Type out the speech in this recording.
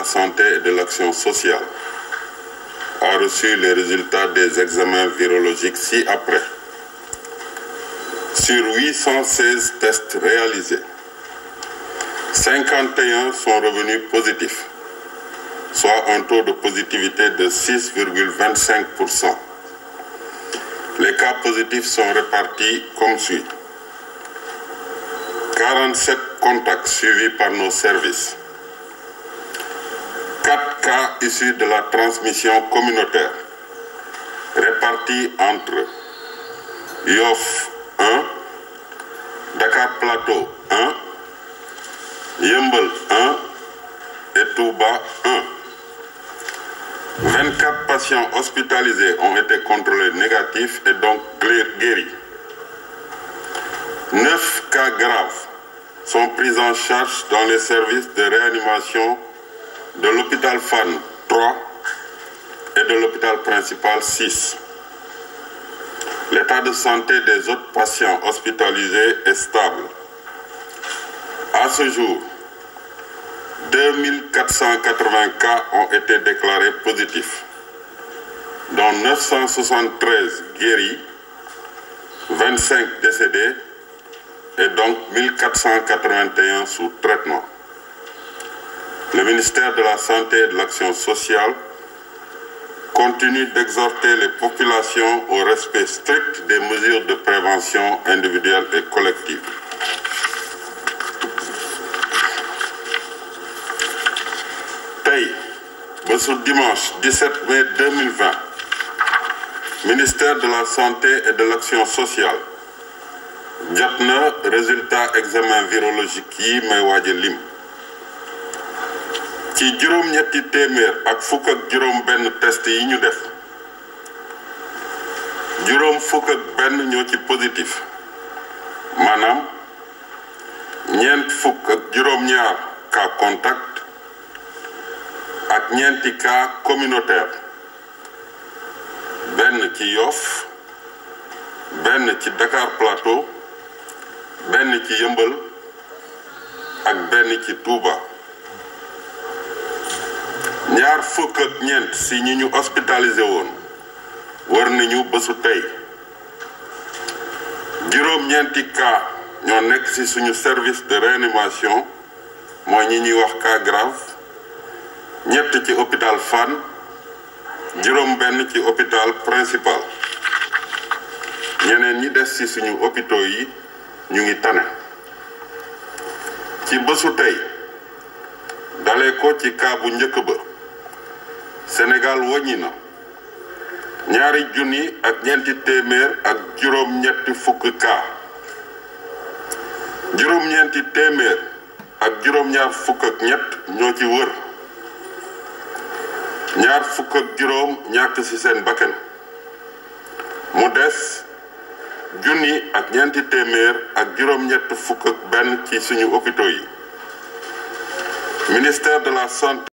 la santé et de a reçu les résultats des examens virologiques ci-après. Sur 816 tests réalisés, 51 sont revenus positifs, soit un taux de positivité de 6,25%. Les cas positifs sont répartis comme suit. 47 contacts suivis par nos services. achats issus de la transmission communautaire répartis entre Yoff 1, Dakar Plateau 1, Yeumbeul 1 et Touba 1. 24 patients hospitalisés ont été contrôlés négatifs et donc guéris. 9 cas graves sont pris en charge dans les services de réanimation de l'hôpital Fann 3 de l'hôpital principal 6. L'état de santé des autres patients hospitalisés est stable. À ce jour, 2480 cas ont été déclarés positifs, dont 973 guéris, 25 décédés et donc 1481 sous traitement. le ministère de la Santé et de sociale continue d'exhorter les au respect strict des mesures de prévention individuelle et collective. tey bésu dimanche 17 mai 2020 ministère de la santé et de l'action sociale jot na résultat examen virologique yi may waaj a ci juróom-ñetti téeméer ak fukk ak juróom benn test yi ñu def juróom fukk ak benn ñoo ci positif maanaam ñeent fukk ak juróom-ñaar cas contact ak ñeenti cas communautaire benn ci Yoff benn ci Dakar Plateau benn ci Yëmbal ak benn ci tuuba ñaar fukk ñeent si ñi ñu hospitalisé woon war nañu bésu tey juróom-ñeenti cas ñoo nekk si suñu service de réanimation mooy ñi ñuy wax cas grave ñett ci hôpital Fann juróom benn ci hôpital principal ñeneen ñi des ci suñu hôpitaux yi ñu ngi tane ci bësu tey dalee ko ci kaa bu njëkk ba Sénégal wàññi na ñaari junni ak ñeenti téeméer ak juróom-ñetti fukk kaa juróom-ñeenti téeméer ak juróom-ñaar fukk ak ñett ñoo ci wër ñaar fukk ak juróom ñàkk ci seen bakkan mu des junni ak ñeenti téeméer ak juróom-ñett fukk ak benn ci suñu hôpitaux yi ministère de la santé